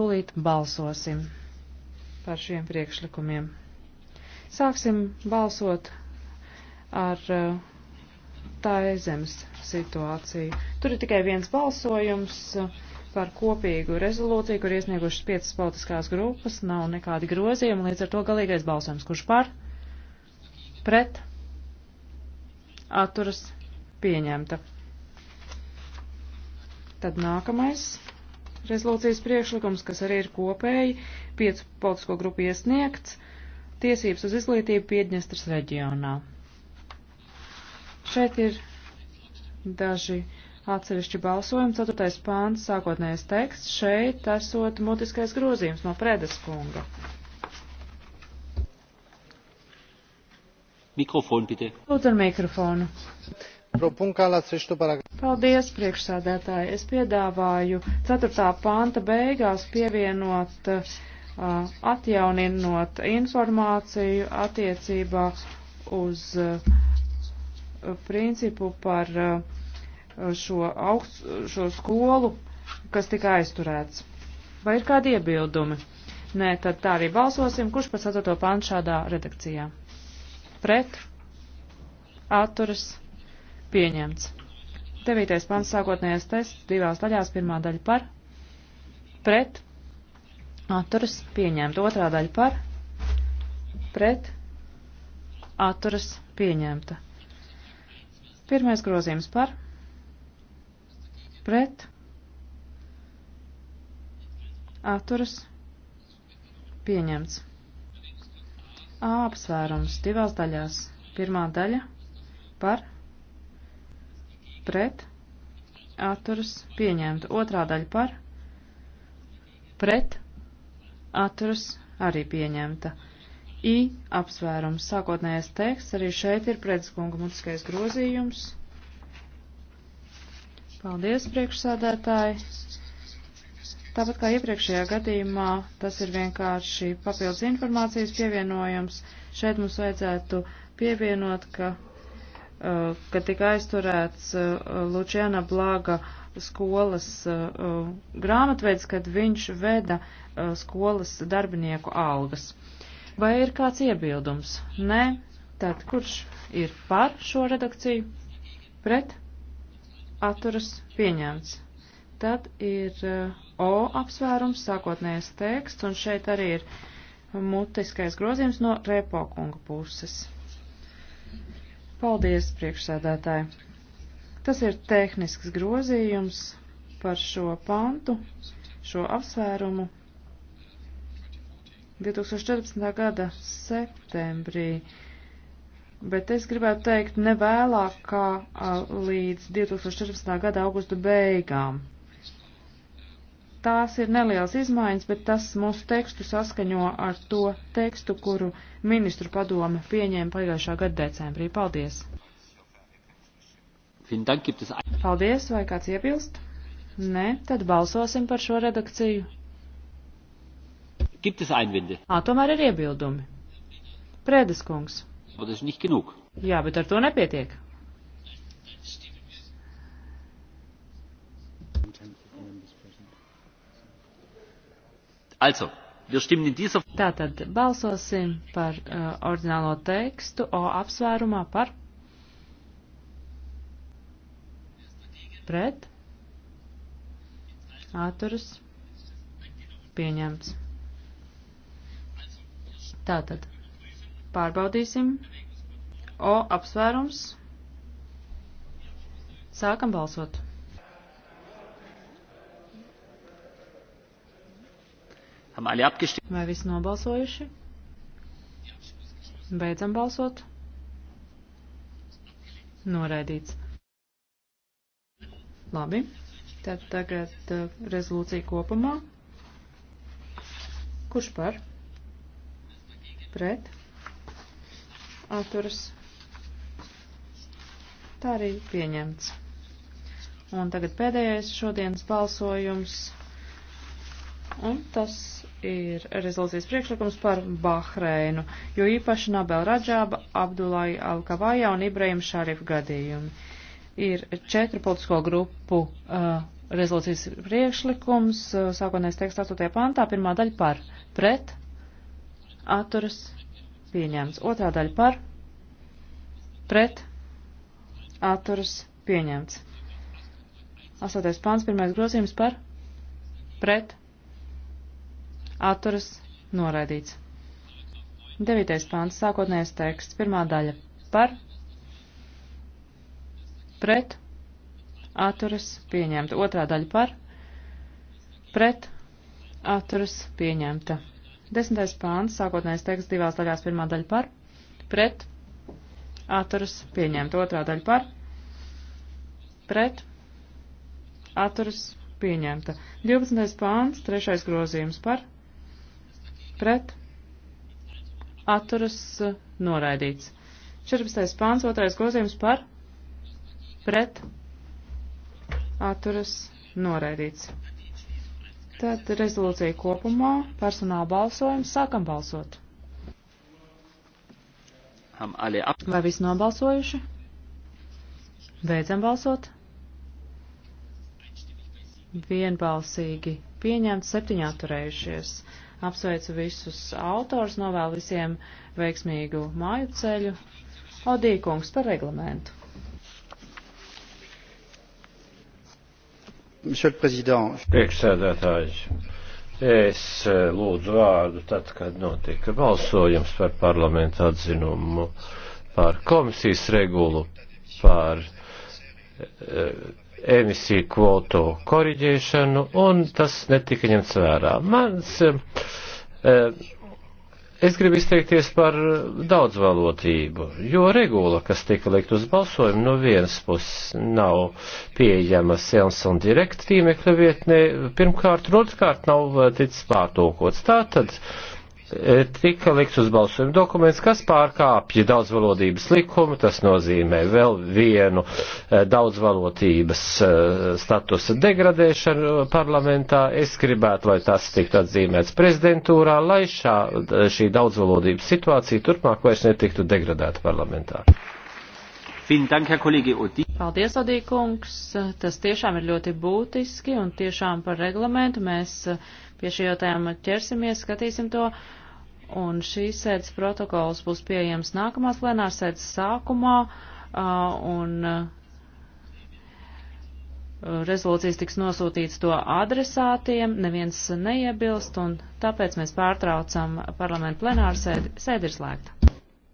Tūlīt balsosim par šiem priekšlikumiem. Sāksim balsot ar uh, taizemes situāciju. Tur ir tikai viens balsojums uh, par kopīgu rezolūciju, kur iesniegušas piecas politiskās grupas, nav nekādi grozījumi, līdz ar to galīgais balsojums, kurš par, pret, atturas pieņemta. Tad nākamais rezolūcijas priekšlikums, kas arī ir kopēji, piecu politisko grupu iesniegts, tiesības uz izglītību Piedņestras reģionā. Šeit ir daži atsevišķi balsojumi, 4. pāns, sākotnējais teksts, šeit esot mutiskais grozījums no Prēdes kunga. Mikrofonu, pite. Lūdzu ar mikrofonu. Paldies, priekšsādētāji. Es piedāvāju 4. panta beigās pievienot uh, atjauninot informāciju attiecībā uz uh, principu par uh, šo, augst, šo skolu, kas tika aizturēts. Vai ir kādi iebildumi? Nē, tad tā arī balsosim. Kurš par 4. pantu šādā redakcijā? Pret? Atturas? Pieņemts. 9. pants sākotnējais tests divās daļās. Pirmā daļa par. Pret. Atturas. Pieņemta. Otrā daļa par. Pret. Atturas. Pieņemta. Pirmais grozījums par. Pret. Atturas. Pieņemts. A apsvērums divās daļās. Pirmā daļa par pret, atturas pieņemta. Otrā daļa par, pret, atturas arī pieņemta. I apsvērums. Sākotnējais teksts arī šeit ir pretskunga mutiskais grozījums. Paldies, priekšsādētāji. Tāpat kā iepriekšējā gadījumā, tas ir vienkārši papildus informācijas pievienojums. Šeit mums vajadzētu pievienot, ka Uh, kad tika aizturēts uh, Lučiana Blāga skolas uh, grāmatveids, kad viņš veda skolas darbinieku algas. Vai ir kāds iebildums? Nē. Tad kurš ir par šo redakciju? Pret? Atturas pieņemts. Tad ir O apsvērums, sākotnējais teksts, un šeit arī ir mutiskais grozījums no Repo kunga puses. Paldies, priekšsēdētāji. Tas ir tehnisks grozījums par šo pantu, šo apsvērumu. 2014. gada septembrī, bet es gribētu teikt ne vēlāk kā līdz 2014. gada augusta beigām. Tās ir nelielas izmaiņas, bet tas mūsu tekstu saskaņo ar to tekstu, kuru ministru padome pieņēma pagājušā gada decembrī. Paldies! Paldies, vai kāds iebilst? Nē, tad balsosim par šo redakciju. Gibt es Einwände? Ā, tomēr ir iebildumi. Prēdes kungs. Aber das ist nicht genug. Jā, bet ar to nepietiek. Also, wir stimmen in dieser. Tātad balsosim par uh, ordinālo tekstu O apsvērumā par. Pret. Atturas. Pieņemts. Tātad. Pārbaudīsim. O apsvērums. Sākam balsot. Vai visi nobalsojuši? Beidzam balsot. Noraidīts. Labi. Tad tagad uh, rezolūcija kopumā. Kurš par? Pret. Atturas. Tā arī pieņemts. Un tagad pēdējais šodienas balsojums. Un tas ir rezolūcijas priekšlikums par Bahreinu, jo īpaši Nabel Radžāba, Abdulai Alkavājā un Ibrahim Šarifu gadījumi. Ir četru politisko grupu uh, rezolūcijas priekšlikums, uh, sākotnēs teksts 8. pantā, pirmā daļa par pret, atturas pieņēmts, otrā daļa par pret, atturas pieņēmts. 8. pants, pirmais grozījums par pret, atturas pieņēmts atturas noraidīts. 9. pāns, sākotnējais teksts, pirmā daļa par, pret, atturas pieņemta, otrā daļa par, pret, atturas pieņemta. 10. pāns, sākotnējais teksts, divās daļās, pirmā daļa par, pret, atturas pieņemta, otrā daļa par, pret, atturas pieņemta. 12. pāns, trešais grozījums par, pret, pret, atturas noraidīts. 14. pāns, 2. grozījums par, pret, atturas noraidīts. Tad rezolūcija kopumā, personāla balsojums, sākam balsot. Vai visi nobalsojuši? Beidzam balsot. Vienbalsīgi pieņemts, septiņi atturējušies. Apsveicu visus autors, novēlu visiem veiksmīgu māju ceļu. Odīkungs par reglamentu. Priekšsēdētājs, es eh, lūdzu vārdu tad, kad notika balsojums par parlamentu atzinumu par komisijas regulu par eh, emisiju kvotu koriģēšanu, un tas netika ņemts vērā. Mans, eh, es gribu izteikties par daudzvalotību, jo regula, kas tika likt uz balsojumu, no vienas puses nav pieejama Sēns un Direkt tīmekļa vietnē, pirmkārt, un otrkārt nav eh, ticis pārtūkots. Tātad, uh, tika likts uz balsojumu dokuments, kas pārkāpja daudzvalodības likumu, tas nozīmē vēl vienu eh, daudzvalodības eh, statusa degradēšanu parlamentā. Es gribētu, lai tas tiktu atzīmēts prezidentūrā, lai šā, šī daudzvalodības situācija turpmāk vairs netiktu degradēta parlamentā. Paldies, Odīkungs. Tas tiešām ir ļoti būtiski un tiešām par reglamentu mēs eh, pie šī jautājuma ķersimies, skatīsim to un šīs sēdes protokols būs pieejams nākamās plenāras sēdes sākumā, un rezolūcijas tiks nosūtīts to adresātiem, neviens neiebilst, un tāpēc mēs pārtraucam parlamentu plenāru sēdi, sēdi ir slēgta.